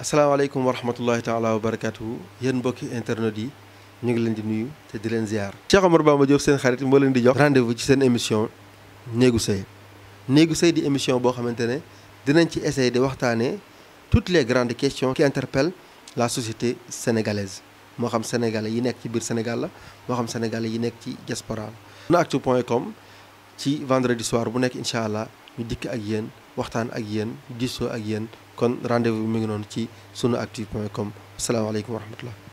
asalaamaaleykum wa rahmatullahi taala wa barakaatu yéen mbokki internet yi ñu ngi leen di nuyu te di leen ziar. Cheikh Omar ma Diop seen xarit moo leen di jox. rendez-vous ci seen émission néegu sëy néegu sëy di émission boo xamante ne dinañ ci essayer di waxtaanee toutes les grandes questions qui interpellent la société sénégalaise moo xam sénégal yi nekk ci biir Sénégal la moo xam sénégalais yi nekk ci diaspora. Daanactu point com. ci vendredi soir bu nekk incha allah ñu dikk ak yéen waxtaan ak yéen diisoo ak yéen kon rendez-vous bi mu ngi noonu ci sunuactu point com asalaamaaleykum wa rahmatullah